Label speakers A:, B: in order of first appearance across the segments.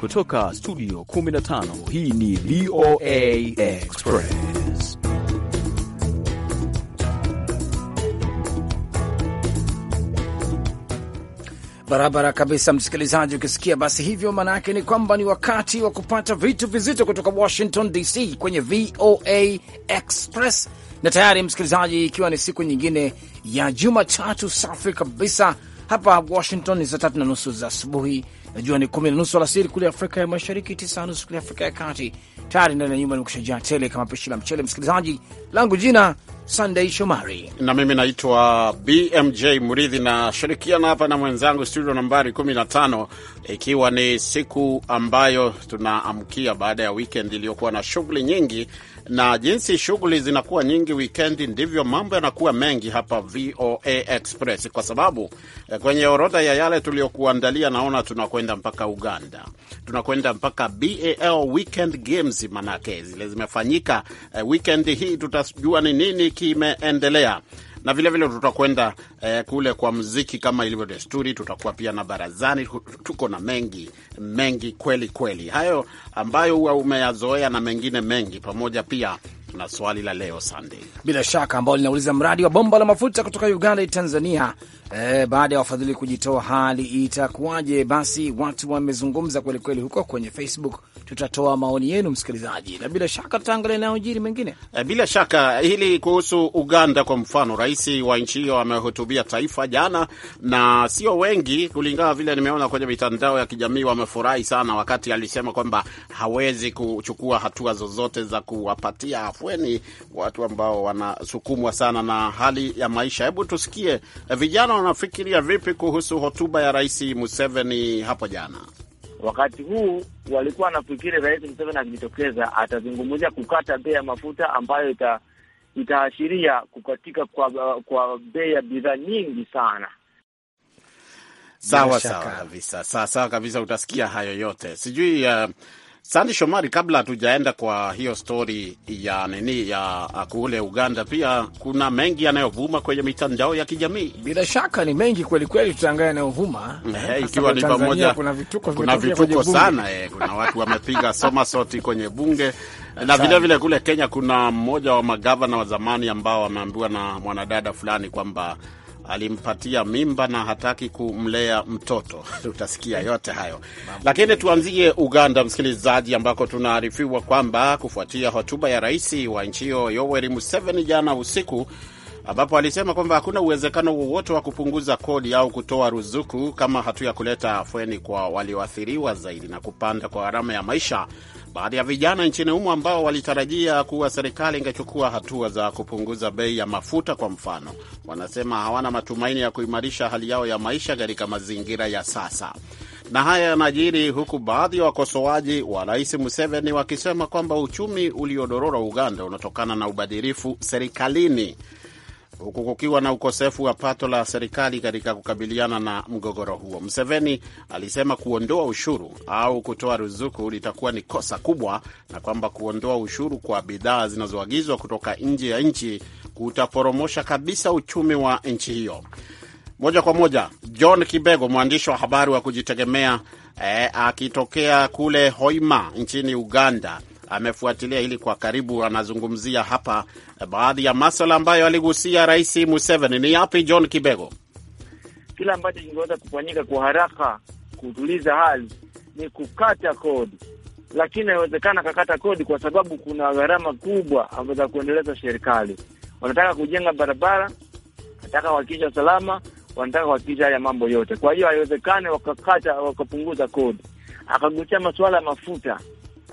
A: kutoka studio 15 hii ni VOA Express.
B: Barabara kabisa, msikilizaji. Ukisikia basi hivyo, maana yake ni kwamba ni wakati wa kupata vitu vizito kutoka Washington DC kwenye VOA Express. Na tayari msikilizaji, ikiwa ni siku nyingine ya Jumatatu safi kabisa hapa Washington, ni saa tatu na nusu za asubuhi najua ni kumi na nusu alasiri kule Afrika ya Mashariki, tisa na nusu kule Afrika ya Kati. Tayari ndani ya nyumba ni tele kama pishi la mchele. Msikilizaji langu jina Sunday Shomari
C: na mimi naitwa BMJ Mridhi, nashirikiana hapa na mwenzangu studio nambari 15, ikiwa ni siku ambayo tunaamkia baada ya weekend iliyokuwa na shughuli nyingi na jinsi shughuli zinakuwa nyingi wikendi, ndivyo mambo yanakuwa mengi hapa VOA Express, kwa sababu eh, kwenye orodha ya yale tuliyokuandalia, naona tunakwenda mpaka Uganda, tunakwenda mpaka BAL weekend games, manake zile zimefanyika eh, wikendi hii. Tutajua ni nini kimeendelea na vilevile tutakwenda eh, kule kwa mziki kama ilivyo desturi. Tutakuwa pia na barazani, tuko na mengi mengi kweli kweli, hayo ambayo huwa umeyazoea na mengine mengi, pamoja pia na swali la
B: leo Sunday, bila shaka ambao linauliza mradi wa bomba la mafuta kutoka Uganda Tanzania E, baada ya wafadhili kujitoa hali itakuwaje? Basi watu wamezungumza kwelikweli huko kwenye Facebook. Tutatoa maoni yenu msikilizaji, na bila shaka tutaangalia nayojiri mengine. E, bila
C: shaka hili kuhusu Uganda kwa mfano, rais wa nchi hiyo amehutubia taifa jana, na sio wengi kulingana vile nimeona kwenye mitandao ya kijamii wamefurahi sana, wakati alisema kwamba hawezi kuchukua hatua zozote za kuwapatia afueni watu ambao wanasukumwa sana na hali ya maisha. Hebu tusikie e, vijana unafikiria vipi kuhusu hotuba ya Rais Museveni hapo jana?
A: Wakati huu walikuwa wanafikiri Rais Museveni akijitokeza atazungumzia kukata bei ya mafuta ambayo ita, itaashiria kukatika kwa, kwa bei ya bidhaa nyingi sana.
D: Sawa sawa
C: kabisa, sawa sawa kabisa, utasikia hayo yote sijui uh... Sandi Shomari, kabla hatujaenda kwa hiyo stori ya nini ya kule Uganda, pia kuna mengi yanayovuma kwenye mitandao ya kijamii.
B: Bila shaka ni mengi kweli kweli, tutaangalia yanayovuma eh, ikiwa ni pamoja, kuna vituko, kuna vituko sana eh,
C: kuna watu wamepiga somasoti kwenye bunge na vilevile kule Kenya kuna mmoja wa magavana wa zamani ambao wameambiwa na mwanadada fulani kwamba alimpatia mimba na hataki kumlea mtoto utasikia eh, yote hayo lakini tuanzie Uganda, msikilizaji, ambako tunaarifiwa kwamba kufuatia hotuba ya rais wa nchi hiyo Yoweri Museveni jana usiku ambapo alisema kwamba hakuna uwezekano wowote wa kupunguza kodi au kutoa ruzuku kama hatua ya kuleta afueni kwa walioathiriwa zaidi na kupanda kwa gharama ya maisha baadhi ya vijana nchini humo ambao walitarajia kuwa serikali ingechukua hatua za kupunguza bei ya mafuta kwa mfano, wanasema hawana matumaini ya kuimarisha hali yao ya maisha katika mazingira ya sasa. Na haya yanajiri huku baadhi ya wakosoaji wa Rais Museveni wakisema kwamba uchumi uliodorora Uganda unatokana na ubadhirifu serikalini huku kukiwa na ukosefu wa pato la serikali katika kukabiliana na mgogoro huo. mseveni alisema kuondoa ushuru au kutoa ruzuku litakuwa ni kosa kubwa, na kwamba kuondoa ushuru kwa bidhaa zinazoagizwa kutoka nje ya nchi kutaporomosha kabisa uchumi wa nchi hiyo. Moja kwa moja, John Kibego, mwandishi wa habari wa kujitegemea eh, akitokea kule Hoima nchini Uganda amefuatilia hili kwa karibu. Anazungumzia hapa baadhi ya maswala ambayo aligusia Rais Museveni. Ni yapi, John Kibego?
A: Kile ambacho kingeweza kufanyika kwa haraka kutuliza hali ni kukata kodi, lakini haiwezekana kakata kodi kwa sababu kuna gharama kubwa ambazo za kuendeleza serikali. Wanataka kujenga barabara, wanataka kuhakikisha usalama, wanataka kuhakikisha haya mambo yote. Kwa hiyo haiwezekani wakakata wakapunguza kodi. Akagusia masuala ya mafuta,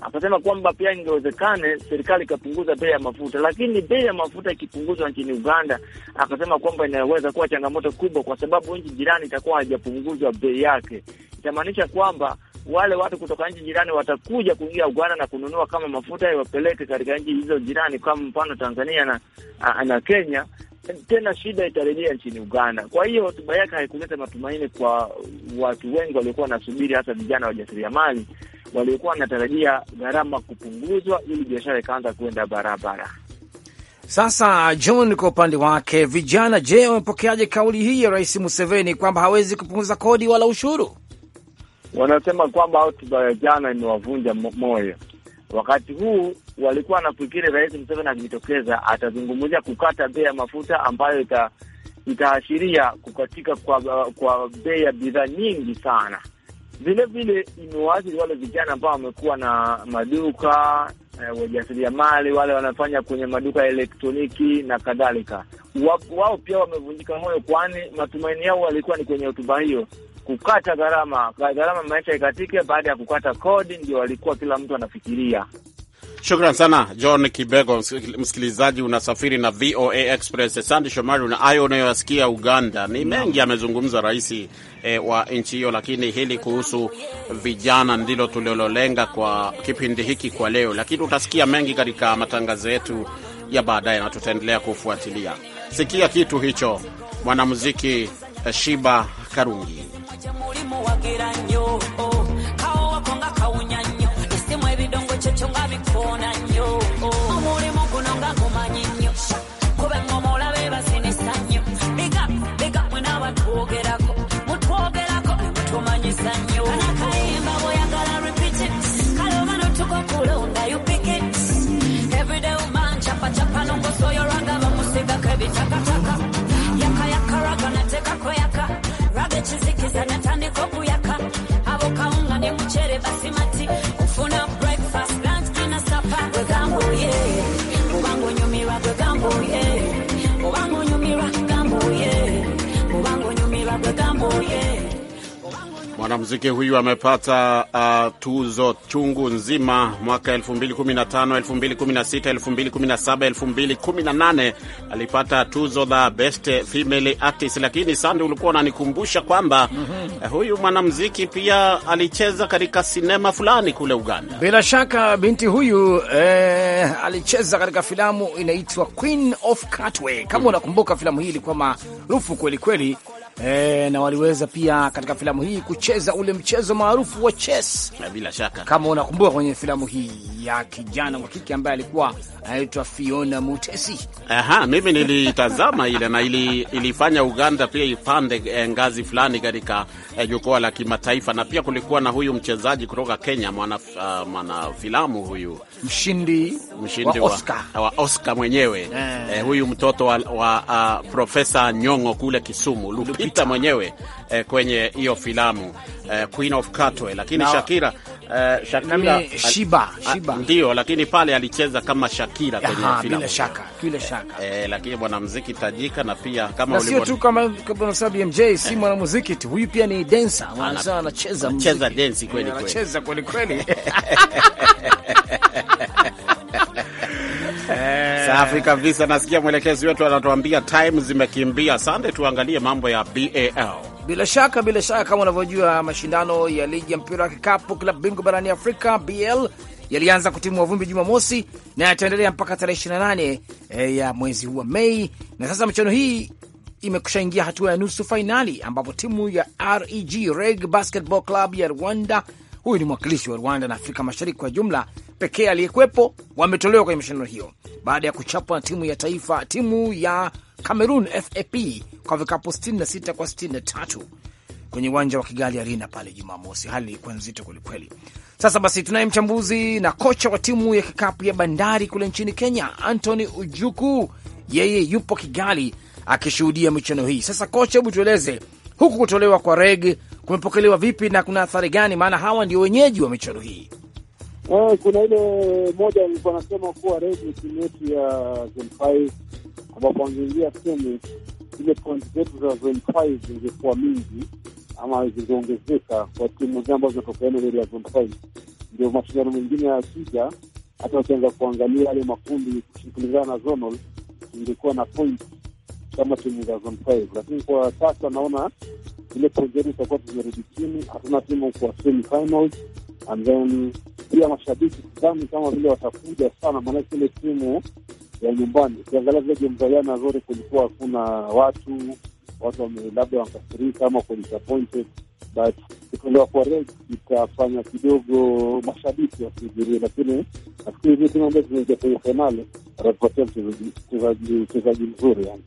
A: akasema kwamba pia ingewezekane serikali ikapunguza bei ya mafuta, lakini bei ya mafuta ikipunguzwa nchini Uganda, akasema kwamba inaweza kuwa changamoto kubwa, kwa sababu nchi jirani itakuwa haijapunguzwa bei yake. Itamaanisha kwamba wale watu kutoka nchi jirani watakuja kuingia Uganda na kununua kama mafuta iwapeleke katika nchi hizo jirani, kama mfano Tanzania na, na Kenya tena shida itarejea nchini Uganda. Kwa hiyo hotuba yake haikuleta matumaini kwa watu wengi waliokuwa wanasubiri, hasa vijana wajasiriamali waliokuwa wanatarajia gharama kupunguzwa ili biashara ikaanza kuenda barabara.
B: Sasa John, kwa upande wake vijana, je, wamepokeaje kauli hii ya Rais Museveni kwamba hawezi kupunguza kodi wala ushuru?
A: Wanasema kwamba hotuba ya jana imewavunja moyo. Wakati huu walikuwa wanafikiri Rais Museveni akijitokeza atazungumzia kukata bei ya mafuta ambayo ita, itaashiria kukatika kwa, kwa bei ya bidhaa nyingi sana vile vile imewaathiri wale vijana ambao wamekuwa na maduka eh, wajasiriamali wale wanafanya kwenye maduka ya elektroniki na kadhalika. Wao pia wamevunjika moyo, kwani matumaini yao walikuwa ni kwenye hotuba hiyo kukata gharama gharama maisha ikatike baada ya kukata kodi, ndio walikuwa kila mtu anafikiria.
C: Shukran sana John Kibego. Msikilizaji, unasafiri na VOA Express. sandi Shomari, na ayo unayoyasikia Uganda ni mengi, amezungumza rais e, wa nchi hiyo, lakini hili kuhusu vijana ndilo tulilolenga kwa kipindi hiki kwa leo, lakini utasikia mengi katika matangazo yetu ya baadaye na tutaendelea kufuatilia. Sikia kitu hicho, mwanamuziki eh, Shiba Karungi Bitches Mwanamuziki huyu amepata uh, tuzo chungu nzima mwaka 2015, 2016, 2017, 2018 alipata tuzo la best female artist. Lakini Sande, ulikuwa unanikumbusha kwamba mm -hmm. huyu mwanamuziki pia alicheza katika sinema fulani
B: kule Uganda. Bila shaka binti huyu eh, alicheza katika filamu inaitwa Queen of Katwe kama mm -hmm. unakumbuka filamu hii ilikuwa maarufu kweli kweli E, na waliweza pia katika filamu hii kucheza ule mchezo maarufu wa chess,
C: na bila shaka
B: kama unakumbuka kwenye filamu hii ya kijana wa kike ambaye alikuwa anaitwa Fiona Mutesi.
C: Aha, mimi nilitazama ile na ili, ilifanya Uganda pia ipande eh, ngazi fulani katika eh, jukwaa la kimataifa, na pia kulikuwa na huyu mchezaji kutoka Kenya mwana, uh, mwana filamu huyu mshindi, mshindi wa, wa, Oscar. wa Oscar mwenyewe eh. Eh, huyu mtoto wa, wa uh, ah, Profesa Nyong'o kule Kisumu Lupi amejikita mwenyewe eh, kwenye hiyo filamu eh, Queen of Katwe, lakini no. Shakira eh, Shakira Shiba, Shiba. Ndio, lakini pale alicheza kama Shakira kwenye Aha, filamu bila shaka, bila shaka. Eh, eh, lakini mwanamuziki tajika na pia kama na ulivyo tu
B: kama kama sababu MJ si eh, mwanamuziki tu huyu pia ni dancer, anacheza anacheza dance kweli eh, kweli, anacheza kweli kweli Eh. Safi
C: kabisa. Nasikia mwelekezi wetu anatuambia time zimekimbia. Sande, tuangalie mambo ya BAL.
B: Bila shaka bila shaka, kama unavyojua mashindano ya ligi ya mpira wa kikapu klabu bingwa barani Afrika BL yalianza kutimua vumbi Jumamosi na yataendelea mpaka tarehe 28 e, eh, ya mwezi huu wa Mei. Na sasa michuano hii imekusha ingia hatua ya nusu fainali, ambapo timu ya REG Reg Basketball Club ya Rwanda Huyu ni mwakilishi wa Rwanda na Afrika Mashariki kwa jumla pekee aliyekuwepo, wametolewa kwenye mashindano hiyo baada ya kuchapwa na timu ya taifa, timu ya Cameroon FAP kwa vikapu 66 kwa 63 kwenye uwanja wa Kigali Arena pale Jumamosi. Hali ilikuwa nzito kwelikweli. Sasa basi, tunaye mchambuzi na kocha wa timu ya kikapu ya Bandari kule nchini Kenya, Anthony Ujuku. Yeye yupo Kigali akishuhudia michuano hii. Sasa kocha, hebu tueleze huku kutolewa kwa reg kumepokelewa vipi na kuna athari gani? Maana hawa ndio wenyeji wa michuano hii.
E: E, kuna ile moja ilikuwa nasema kuwa redi timu yetu ya Zone 5 ambapo wangeingia semi, zile pointi zetu za Zone 5 zingekuwa mingi ama zingeongezeka kwa timu zi ambazo zinatokea ile ya Zone 5. Ndio mashindano mengine ya Kija, hata wakianza kuangalia yale makundi kulingana na zonal, ingekuwa na point kama timu za Zone 5, lakini kwa sasa naona ile projeni itakuwa zimerudi chini, hatuna timu kwa semifinals and then pia mashabiki sidhani kama vile watakuja sana, maanake ile timu ya nyumbani ukiangalia vile gemu za jana zote kulikuwa hakuna watu, watu wame labda wakasirika ama ku disappointed, but kutolewa kwa red itafanya kidogo mashabiki wasihudhurie, lakini nafikiri hizi timu ambazo zimeingia kwenye fainali watatupatia mchezaji mzuri yani.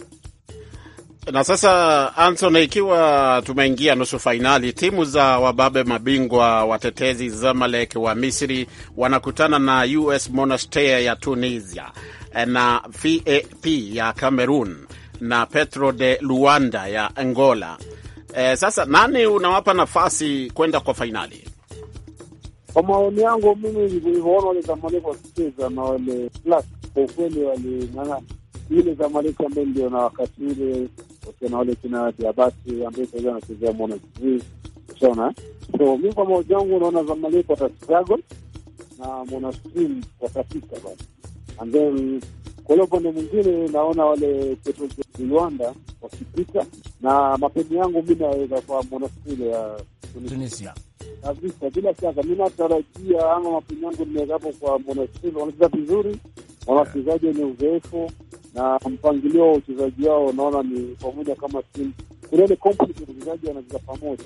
C: Na sasa Anthony, ikiwa tumeingia nusu fainali, timu za wababe mabingwa watetezi Zamalek wa Misri wanakutana na US Monastir ya Tunisia eh, na FAP ya Cameroon na Petro de Luanda ya Angola. E, sasa nani unawapa nafasi kwenda kwa fainali?
E: Kwa maoni yangu mimi nilivyoona wale Zamalek wakicheza na wale Plus, kwa ukweli waling'ang'ana. ile Zamalek ambayo ndio na wakati ule ukiwa wale kina Diabati ambaye sasa anachezea mwana sijui ushaona. So mi kwa maoni yangu naona Zamalek watastruggle na mwana stream watapita basi, and then kwa ile upande mwingine naona wale Petro Rwanda wakipita, na mapeni yangu mi naweza kwa mwana stream ya Tunisia kabisa, bila shaka mi natarajia ama mapeni yangu nimeweka hapo kwa mwana stream, wanacheza vizuri, wana wachezaji wenye uzoefu na mpangilio wa uchezaji wao naona ni pamoja kama timu, kuna ile complex wanacheza pamoja.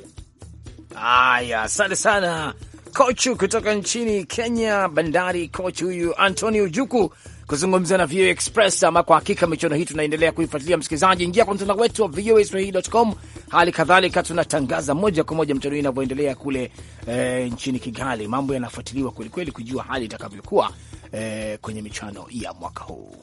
B: Haya, asante sana kochu kutoka nchini Kenya, bandari kochu huyu Antoni Ujuku kuzungumza na VOA Express. Ama kwa hakika michuano hii tunaendelea kuifuatilia. Msikilizaji, ingia kwa mtandao wetu wa Swahili.com. Hali kadhalika tunatangaza moja kwa moja mchuano hii inavyoendelea kule e, nchini Kigali. Mambo yanafuatiliwa kwelikweli kujua hali itakavyokuwa e, kwenye michuano ya mwaka huu.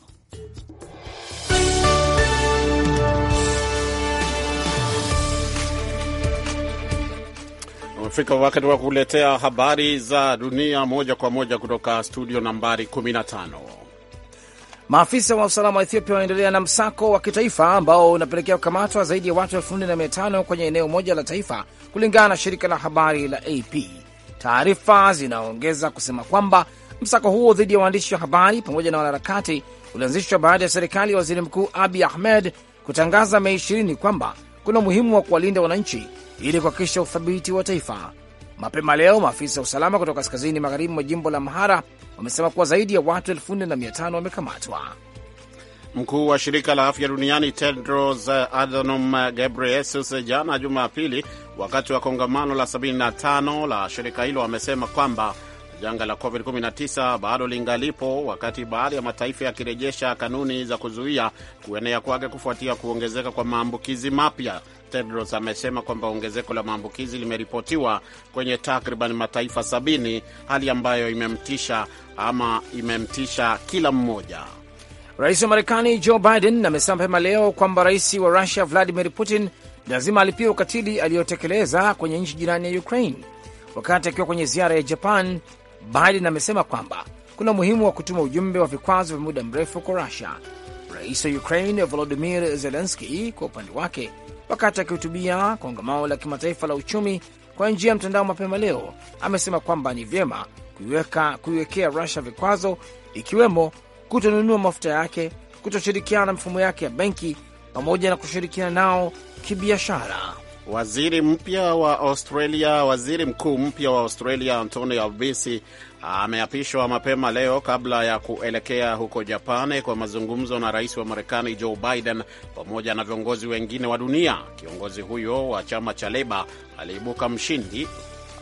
C: Umefika wakati wa kuletea habari za dunia moja kwa moja kutoka studio nambari 15.
B: Maafisa wa usalama wa Ethiopia wanaendelea na msako wa kitaifa ambao unapelekea kukamatwa zaidi ya watu elfu nne na mia tano kwenye eneo moja la taifa, kulingana na shirika la habari la AP. Taarifa zinaongeza kusema kwamba msako huo dhidi ya waandishi wa habari pamoja na wanaharakati ulianzishwa baada ya serikali ya waziri mkuu Abi Ahmed kutangaza Mei 20 kwamba kuna umuhimu wa kuwalinda wananchi ili kuhakikisha uthabiti wa taifa. Mapema leo maafisa wa usalama kutoka kaskazini magharibi mwa jimbo la Mhara wamesema kuwa zaidi ya watu 4500 wamekamatwa.
C: Mkuu wa shirika la afya duniani Tedros Adhanom Ghebreyesus jana Jumapili, wakati wa kongamano la 75 la shirika hilo, amesema kwamba janga la COVID-19 bado lingalipo, wakati baadhi ya mataifa yakirejesha kanuni za kuzuia kuenea kwake kufuatia kuongezeka kwa maambukizi mapya. Tedros amesema kwamba ongezeko la maambukizi limeripotiwa kwenye takriban mataifa sabini, hali
B: ambayo imemtisha ama imemtisha kila mmoja. Rais wa Marekani Joe Biden amesema mapema leo kwamba rais wa Rusia Vladimir Putin lazima alipia ukatili aliyotekeleza kwenye nchi jirani ya Ukraine. Wakati akiwa kwenye ziara ya Japan, Biden amesema kwamba kuna umuhimu wa kutuma ujumbe wa vikwazo vya muda mrefu kwa Rusia. Rais wa Ukraine Volodimir Zelenski kwa upande wake wakati akihutubia kongamano la kimataifa la uchumi kwa njia ya mtandao mapema leo, amesema kwamba ni vyema kuiwekea Rusia vikwazo, ikiwemo kutonunua mafuta yake, kutoshirikiana na mifumo yake ya benki, pamoja na kushirikiana nao kibiashara.
C: Waziri mpya wa Australia, waziri mkuu mpya wa Australia Antonio Albanese ameapishwa mapema leo kabla ya kuelekea huko Japani kwa mazungumzo na rais wa Marekani Joe Biden pamoja na viongozi wengine wa dunia. Kiongozi huyo wa chama cha Leba aliibuka mshindi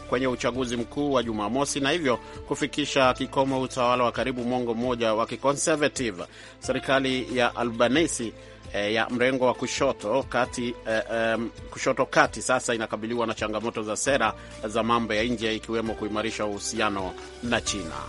C: kwenye uchaguzi mkuu wa Jumamosi na hivyo kufikisha kikomo utawala wa karibu mwongo mmoja wa kiconservative. Serikali ya Albanese e, ya mrengo wa kushoto kati, e, e, kushoto kati sasa inakabiliwa na changamoto za sera za mambo ya nje ikiwemo kuimarisha uhusiano na China.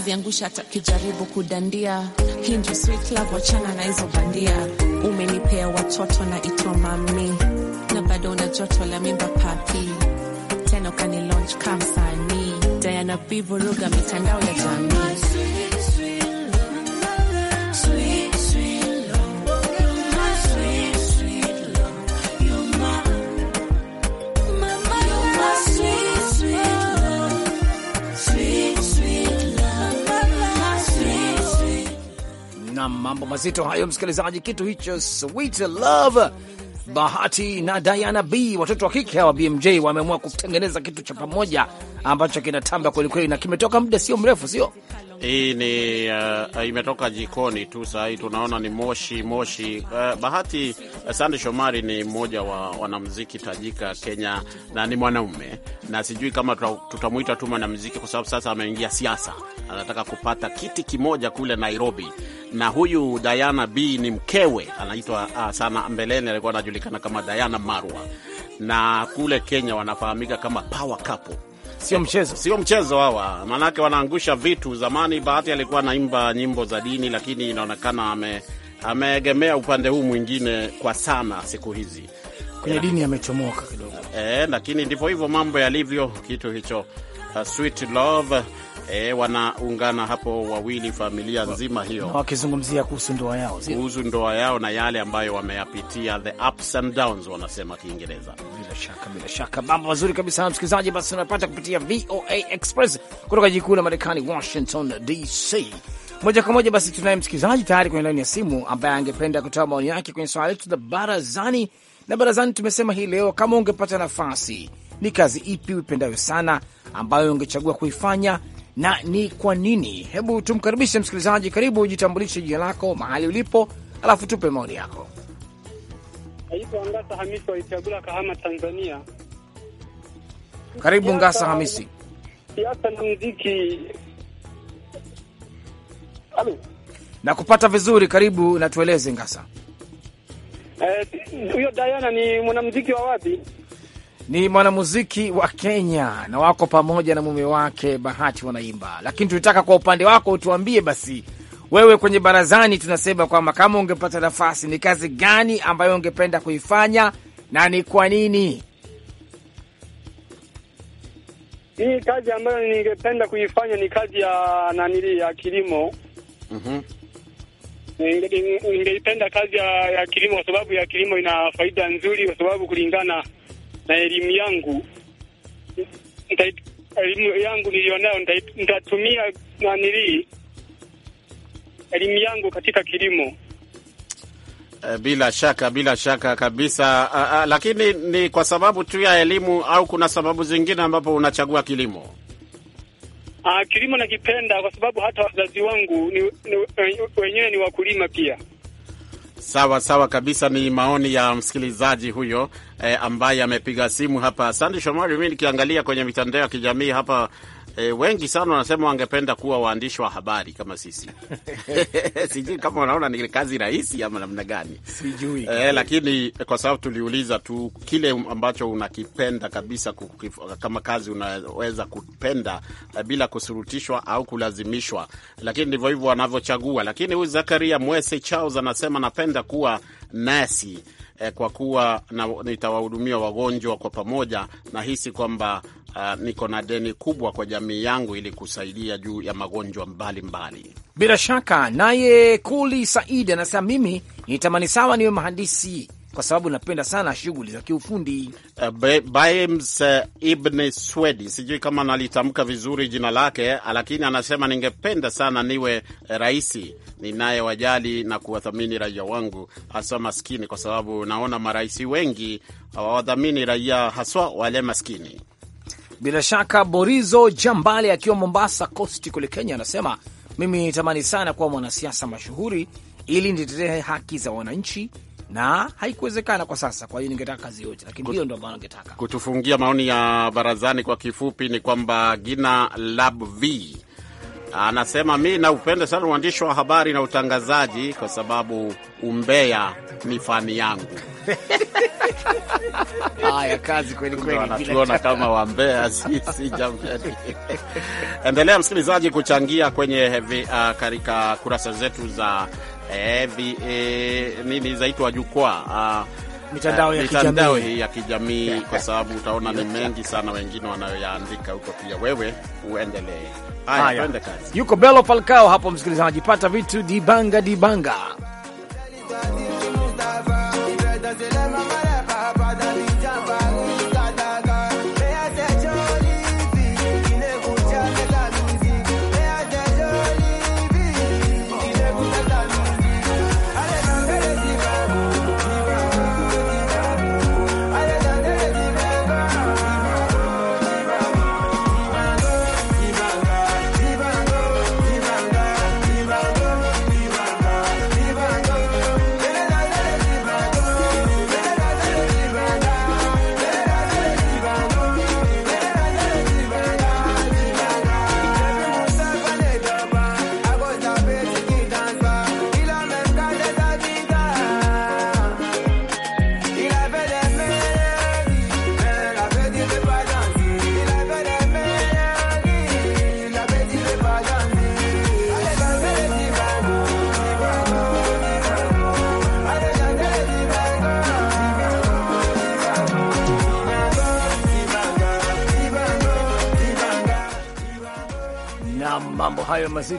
D: Huwezi angusha hata kijaribu kudandia. Hindu sweet love, wachana na hizo bandia. Umenipea watoto na itwa mami, na bado una joto la mimba papi, tena ukani launch kama msanii Diana mitandao ya jamii
B: na mambo mazito hayo, msikilizaji. Kitu hicho sweet love Bahati na Diana B, watoto wa kike hawa BMJ wameamua kutengeneza kitu cha pamoja ambacho kinatamba kwelikweli na kimetoka muda sio mrefu, sio
C: hii ni uh, uh, imetoka jikoni tu saa hii tunaona ni moshi moshi. Uh, Bahati uh, Sande Shomari ni mmoja wa wanamuziki tajika Kenya na ni mwanaume, na sijui kama tutamwita tu mwanamuziki kwa sababu sasa ameingia siasa, anataka kupata kiti kimoja kule Nairobi. Na huyu Diana B ni mkewe, anaitwa uh, sana, mbeleni alikuwa anajulikana kama Diana Marwa, na kule Kenya wanafahamika kama power couple sio mchezo, sio mchezo hawa, maanake wanaangusha vitu. Zamani Bahati alikuwa anaimba nyimbo za dini, lakini inaonekana ame ameegemea upande huu mwingine kwa sana siku hizi
B: kwenye dini amechomoka kidogo.
C: E, lakini ndivyo hivyo mambo yalivyo, kitu hicho uh, Sweet Love. E, wanaungana hapo wawili, familia nzima hiyo,
B: wakizungumzia kuhusu ndoa yao,
C: kuhusu ndoa yao na yale ambayo wameyapitia, the ups and downs wanasema Kiingereza. Bila shaka, bila
B: shaka, mambo mazuri kabisa, msikilizaji. Basi unapata kupitia VOA Express kutoka jiji kuu la Marekani, Washington DC, moja kwa moja. Basi tunaye msikilizaji tayari kwenye laini ya simu ambaye angependa kutoa maoni yake kwenye swala letu la barazani. Na barazani tumesema hii leo, kama ungepata nafasi ni kazi ipi uipendayo sana ambayo ungechagua kuifanya na ni kwa nini? Hebu tumkaribishe msikilizaji. Karibu, ujitambulishe jina lako, mahali ulipo, alafu tupe maoni yako.
E: Naitwa Ngasa Hamisi Waichagula, Kahama, Tanzania.
B: Karibu Ngasa Hamisi.
E: Siasa na muziki. Halo,
B: nakupata vizuri. Karibu na tueleze Ngasa.
E: Eh, huyo eh, Diana ni mwanamziki wa wapi?
B: ni mwanamuziki wa Kenya na wako pamoja na mume wake Bahati wanaimba. Lakini tulitaka kwa upande wako utuambie basi, wewe kwenye barazani tunasema kwamba kama ungepata nafasi, ni kazi gani ambayo ungependa kuifanya na ni kwa nini?
A: Hii kazi ambayo ningependa kuifanya ni kazi ya nanili ya kilimo. mm-hmm. Ningeipenda kazi ya, ya kilimo kwa sababu ya kilimo ina faida nzuri, kwa sababu kulingana na elimu yangu elimu yangu nilionayo nitatumia nanili elimu yangu katika kilimo.
C: Eh, bila shaka, bila shaka kabisa. A, ah, a, ah, lakini ni kwa sababu tu ya elimu au kuna sababu zingine ambapo unachagua kilimo?
A: A, ah, kilimo nakipenda kwa sababu hata wazazi wangu wenyewe ni, ni, ni, ni wakulima pia.
C: Sawa sawa kabisa, ni maoni ya msikilizaji huyo eh, ambaye amepiga simu hapa. Asante Shomari, mi nikiangalia kwenye mitandao ya kijamii hapa E, wengi sana wanasema wangependa kuwa waandishi wa habari kama sisi. Sijui kama wanaona ni kazi rahisi ama namna gani,
D: sijui e,
C: lakini kwa sababu tuliuliza tu kile ambacho unakipenda kabisa kukif, kama kazi unaweza kupenda eh, bila kusurutishwa au kulazimishwa, lakini ndivyo hivyo wanavyochagua. Lakini huyu Zakaria Mwese Charles anasema napenda kuwa nasi kwa kuwa nitawahudumia wagonjwa kwa pamoja. Nahisi kwamba uh, niko na deni kubwa kwa jamii yangu ili kusaidia juu ya magonjwa mbalimbali.
B: Bila shaka. Naye Kuli Said anasema mimi nitamani sawa niwe mhandisi kwa sababu napenda sana shughuli za kiufundi. Uh, Baims uh, Ibn
C: Swedi, sijui kama nalitamka vizuri jina lake, lakini anasema ningependa sana niwe eh, raisi ninayewajali na kuwathamini raia wangu haswa maskini, kwa sababu naona marais wengi hawawadhamini raia haswa wale maskini.
B: Bila shaka Borizo Jambale akiwa Mombasa Coast kule Kenya anasema mimi nitamani sana kuwa mwanasiasa mashuhuri ili nitetee haki za wananchi na haikuwezekana kwa sasa, kwa hiyo ningetaka kazi yote, lakini hiyo ndo ambayo ningetaka.
C: Kutufungia maoni ya barazani kwa kifupi ni kwamba Gina Lab V anasema mi naupenda sana uandishi wa habari na utangazaji kwa sababu umbea ni fani yangu.
B: Haya, kazi kweli kweli, wanatuona kama
C: wambea sisi jamani. Endelea msikilizaji kuchangia kwenye uh, katika kurasa zetu za eh, vi, eh, nini zaitwa jukwaa uh, mitandao ya mitandao hii ya kijamii, kwa sababu utaona ni mengi sana wengine wanayoyaandika huko. Pia wewe uendelee. Haya, twende
B: kazi. Yuko Belo Falcao hapo, msikilizaji, pata vitu dibanga dibanga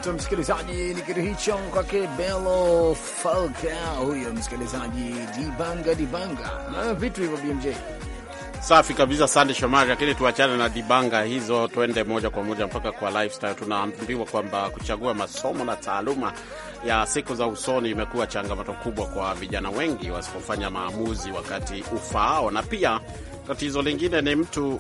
B: nzito msikilizaji, ni kitu hicho kwake Belo Falka huyo msikilizaji, dibanga dibanga na vitu hivyo BMJ.
C: Safi kabisa, sande Shomari, lakini tuachane na dibanga hizo, tuende moja kwa moja mpaka kwa lifestyle. Tunaambiwa kwamba kuchagua masomo na taaluma ya siku za usoni imekuwa changamoto kubwa kwa vijana wengi wasipofanya maamuzi wakati ufaao na pia Tatizo lingine ni mtu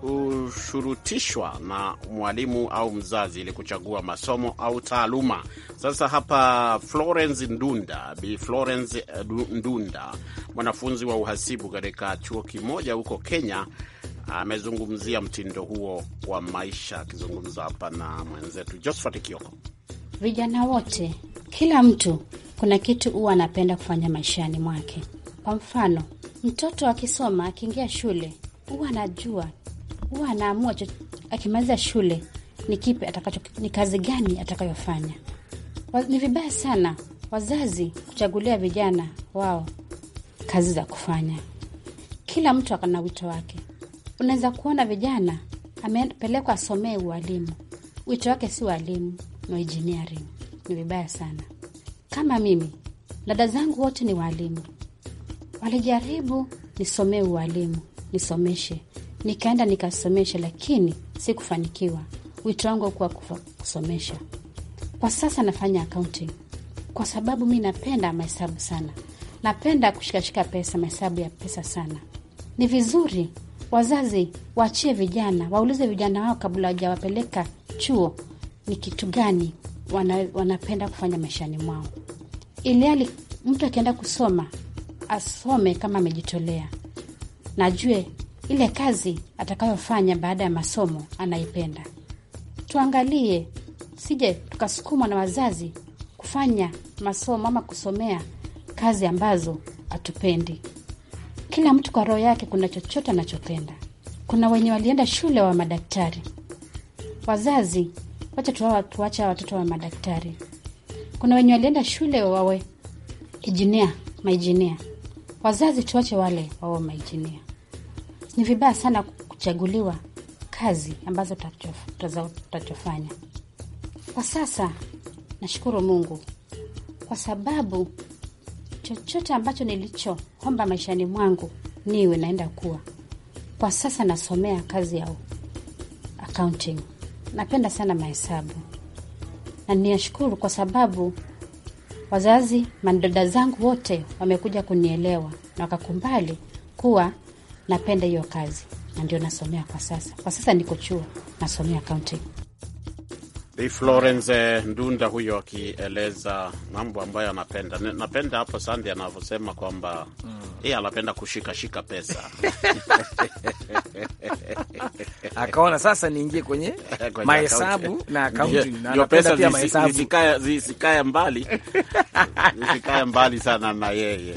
C: kushurutishwa na mwalimu au mzazi ili kuchagua masomo au taaluma. Sasa hapa Florence Ndunda, Bi Florence eh, Ndunda, mwanafunzi wa uhasibu katika chuo kimoja huko Kenya, amezungumzia mtindo huo wa maisha, akizungumza hapa na mwenzetu Josphat Kioko.
D: Vijana wote, kila mtu kuna kitu huwa anapenda kufanya maishani mwake. Kwa mfano Mtoto akisoma akiingia shule huwa anajua, huwa anaamua akimaliza shule ni kipi atakacho, ni kazi gani atakayofanya. Ni vibaya sana wazazi kuchagulia vijana wao kazi za kufanya. Kila mtu akana wito wake. Unaweza kuona vijana amepelekwa asomee ualimu, wito wake si ualimu na engineering. Ni vibaya sana. Kama mimi dada zangu wote ni waalimu, walijaribu nisomee ualimu, nisomeshe, nikaenda nikasomesha, lakini sikufanikiwa. Wito wangu kuwa kusomesha. Kwa sasa nafanya accounting kwa sababu mi napenda mahesabu sana, napenda kushikashika pesa, mahesabu ya pesa sana. Ni vizuri wazazi waachie vijana, waulize vijana wao kabla wajawapeleka chuo ni kitu gani wana, wanapenda kufanya maishani mwao, ili hali mtu akienda kusoma asome kama amejitolea, najue ile kazi atakayofanya baada ya masomo anaipenda. Tuangalie sije tukasukumwa na wazazi kufanya masomo ama kusomea kazi ambazo hatupendi. Kila mtu kwa roho yake kuna chochote anachopenda. Kuna wenye walienda shule wa madaktari. Wazazi, wacha tuwacha watoto wa madaktari. Kuna wenye walienda shule wawe injinia, mainjinia. Wazazi tuache wale wao maijinia. Ni vibaya sana kuchaguliwa kazi ambazo tutachofanya kwa sasa. Nashukuru Mungu kwa sababu chochote ambacho nilichoomba maishani mwangu niwe naenda kuwa. Kwa sasa nasomea kazi ya accounting, napenda sana mahesabu na ninashukuru kwa sababu Wazazi madada zangu wote wamekuja kunielewa na wakakumbali kuwa napenda hiyo kazi, na ndio nasomea kwa sasa. Kwa sasa niko chuo nasomea accounting.
C: Bi Florence Ndunda huyo akieleza mambo ambayo anapenda. Napenda hapo sandi anavyosema kwamba mm. yeye mm, anapenda kushikashika pesa akaona
B: sasa niingie kwenye mahesabu na akaunti, pesa
C: zisikae mbali zisikae mbali sana na yeye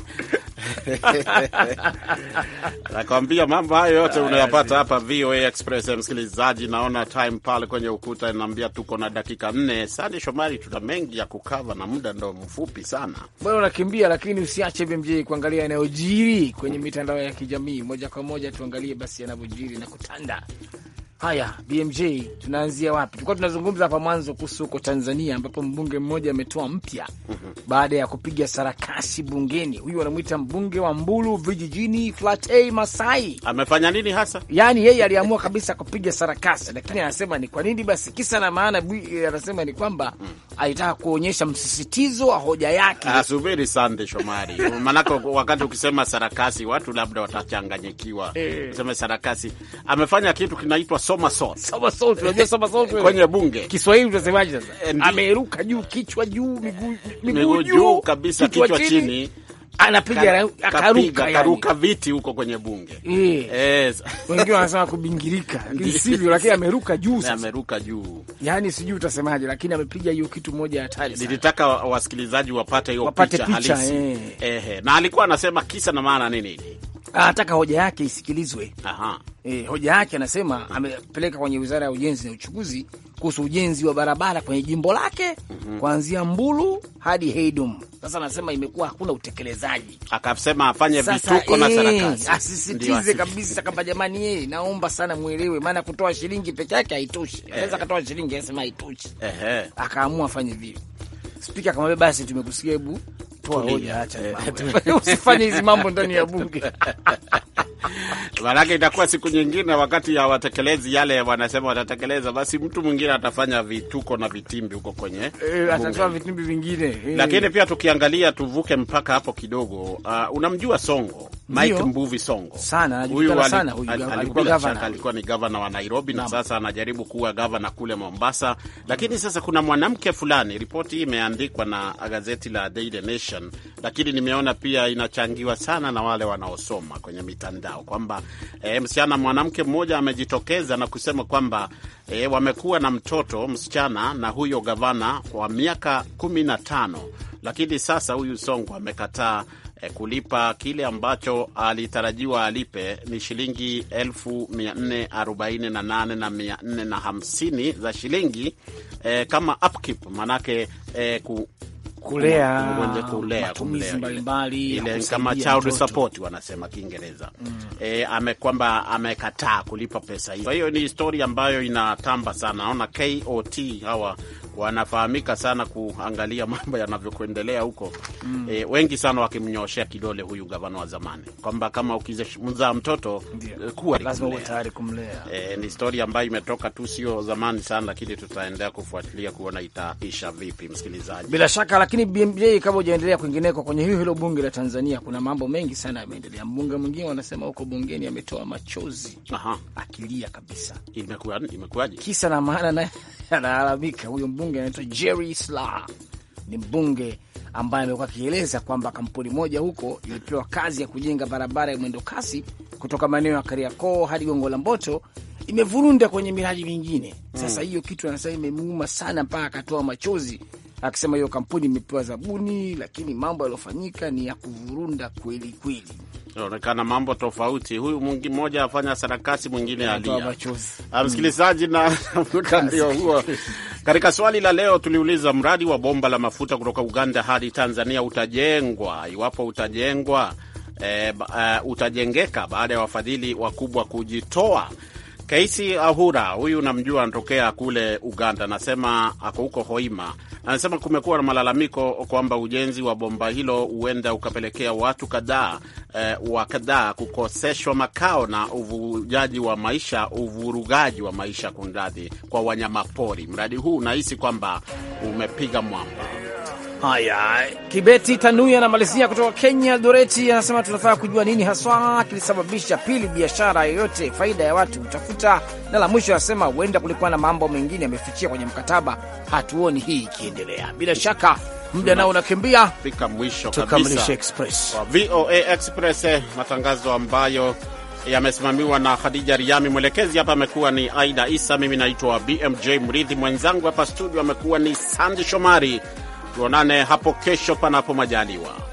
C: Nakwambia mambo hayo yote unayapata hapa VOA Express. Msikilizaji, naona time pale kwenye ukuta inaambia tuko na dakika nne. Sande Shomari, tuna mengi ya kukava na muda ndo mfupi sana.
B: Bwana unakimbia, lakini usiache BMJ kuangalia yanayojiri kwenye mitandao ya kijamii. Moja kwa moja tuangalie basi yanavyojiri na kutanda Haya, BMJ, tunaanzia wapi? Tulikuwa tunazungumza hapa mwanzo kuhusu huko Tanzania, ambapo mbunge mmoja ametoa mpya baada ya kupiga sarakasi bungeni. Huyu wanamwita mbunge wa Mbulu vijijini, A Masai.
C: Amefanya nini hasa?
B: Yaani yeye aliamua kabisa kupiga sarakasi, lakini anasema ni kwa nini basi, kisa na maana. Anasema ni kwamba alitaka kuonyesha msisitizo wa hoja yake.
C: Asubiri ah, Sande Shomari, maanake wakati ukisema sarakasi watu labda watachanganyikiwa. Eh. Useme sarakasi, amefanya kitu kinaitwa
B: somersault. Somersault, unajua somersault kwenye bunge. Kiswahili tunasemaje sasa? Eh, ameruka juu kichwa juu miguu miguu juu kabisa kichwa chini. chini. Anapiga akaruka akaruka
C: viti huko kwenye bunge. Yes. Eh. Eh,
B: Wengine wanasema kubingirika. Sivyo, lakini ameruka juu sasa. Ameruka juu. yani, sijui utasemaje, lakini amepiga hiyo kitu moja hatari sana.
C: Nilitaka wasikilizaji wapate hiyo picha halisi. Ehe. Na alikuwa anasema kisa na
B: maana nini? anataka ah, hoja yake isikilizwe. Aha. E, hoja yake anasema amepeleka kwenye Wizara ya Ujenzi na Uchukuzi kuhusu ujenzi wa barabara kwenye jimbo lake mm -hmm. kuanzia Mbulu hadi Heidum. Sasa anasema imekuwa hakuna utekelezaji,
C: akasema afanye vituko na eh, sarakasi, asisitize
B: kabisa kwamba jamani, yeye eh, naomba sana mwelewe, maana kutoa shilingi peke yake haitoshi. Eh. Anaweza akatoa shilingi, anasema haitoshi, akaamua afanye vile. Spika akamwambia basi, tumekusikia, hebu toa hoja, acha eh, eh, usifanye hizi mambo ndani ya bunge
C: Maanake itakuwa siku nyingine, wakati ya watekelezi yale wanasema watatekeleza, basi mtu mwingine atafanya vituko na vitimbi huko kwenye e, atatoa
B: vitimbi vingine e. Lakini
C: pia tukiangalia, tuvuke mpaka hapo kidogo. Uh, unamjua Songo Mike Mbuvi Songo sana, huyu alikuwa ni gavana wa Nairobi na, na sasa anajaribu kuwa gavana kule Mombasa, lakini sasa kuna mwanamke fulani, ripoti hii imeandikwa na gazeti la Daily Nation, lakini nimeona pia inachangiwa sana na wale wanaosoma kwenye mitandao mitandao kwamba e, msichana mwanamke mmoja amejitokeza na kusema kwamba e, wamekuwa na mtoto msichana na huyo gavana kwa miaka kumi na tano, lakini sasa huyu Songo amekataa eh, kulipa kile ambacho alitarajiwa alipe ni shilingi elfu mia nne arobaini na nane na mia nne na hamsini za shilingi e, kama upkeep manake e, ku,
A: kulea
C: matumizi
A: mbalimbali
C: ile kama child support wanasema Kiingereza mm. E, eh, ame kwamba amekataa kulipa pesa hiyo. Kwa hiyo ni story ambayo inatamba sana. Naona KOT hawa wanafahamika sana kuangalia mambo yanavyokuendelea huko mm. E, wengi sana wakimnyoshea kidole huyu gavana wa zamani kwamba kama ukizamzaa mtoto eh, kuwa tayari kumlea. E, ni stori ambayo imetoka tu sio zamani sana, lakini tutaendelea kufuatilia kuona itaisha vipi, msikilizaji, bila
B: shaka. Lakini BMJ, kama ujaendelea kwingineko kwenye hiyo hilo bunge la Tanzania, kuna mambo mengi sana yameendelea. Mbunge mwingine wanasema huko bungeni ametoa machozi Aha. akilia kabisa. Imekuwaje? Kisa na maana naye analalamika huyo mbunge mbunge anaitwa Jerry Sla, ni mbunge ambaye amekuwa akieleza kwamba kampuni moja huko ilipewa kazi ya kujenga barabara ya mwendo kasi kutoka maeneo ya Kariakoo hadi Gongo la Mboto, imevurunda kwenye miradi mingine. Sasa hmm. hiyo mm, kitu anasema imemuuma sana mpaka akatoa machozi akisema hiyo kampuni imepewa zabuni, lakini mambo yaliyofanyika ni ya kuvurunda kweli kweli.
C: Inaonekana mambo tofauti. Huyu mmoja afanya sarakasi, mwingine alia. Ah, msikilizaji, na ndio huo. Katika swali la leo tuliuliza, mradi wa bomba la mafuta kutoka Uganda hadi Tanzania utajengwa iwapo utajengwa E, uh, utajengeka baada ya wafadhili wakubwa kujitoa. Keisi Ahura huyu namjua, anatokea kule Uganda, anasema ako huko Hoima. Anasema kumekuwa na malalamiko kwamba ujenzi wa bomba hilo huenda ukapelekea watu kadhaa eh, wa kadhaa kukoseshwa makao na uvujaji wa maisha, uvurugaji wa maisha, kundadhi kwa wanyamapori. Mradi huu unahisi kwamba umepiga mwamba.
B: Haya, Kibeti Tanuya anamalizia kutoka Kenya. Doreti anasema tunafaa kujua nini haswa kilisababisha pili biashara yoyote, faida ya watu utafuta Na la mwisho anasema huenda kulikuwa na mambo mengine yamefichia kwenye mkataba, hatuoni hii ikiendelea. Bila shaka muda nao
C: unakimbia, fika mwisho kabisa Express. VOA Express, eh, matangazo ambayo yamesimamiwa na Khadija Riami, mwelekezi hapa amekuwa ni Aida Isa, mimi naitwa BMJ Mridhi, mwenzangu hapa studio amekuwa ni Sandi Shomari. Tuonane hapo kesho, panapo majaliwa.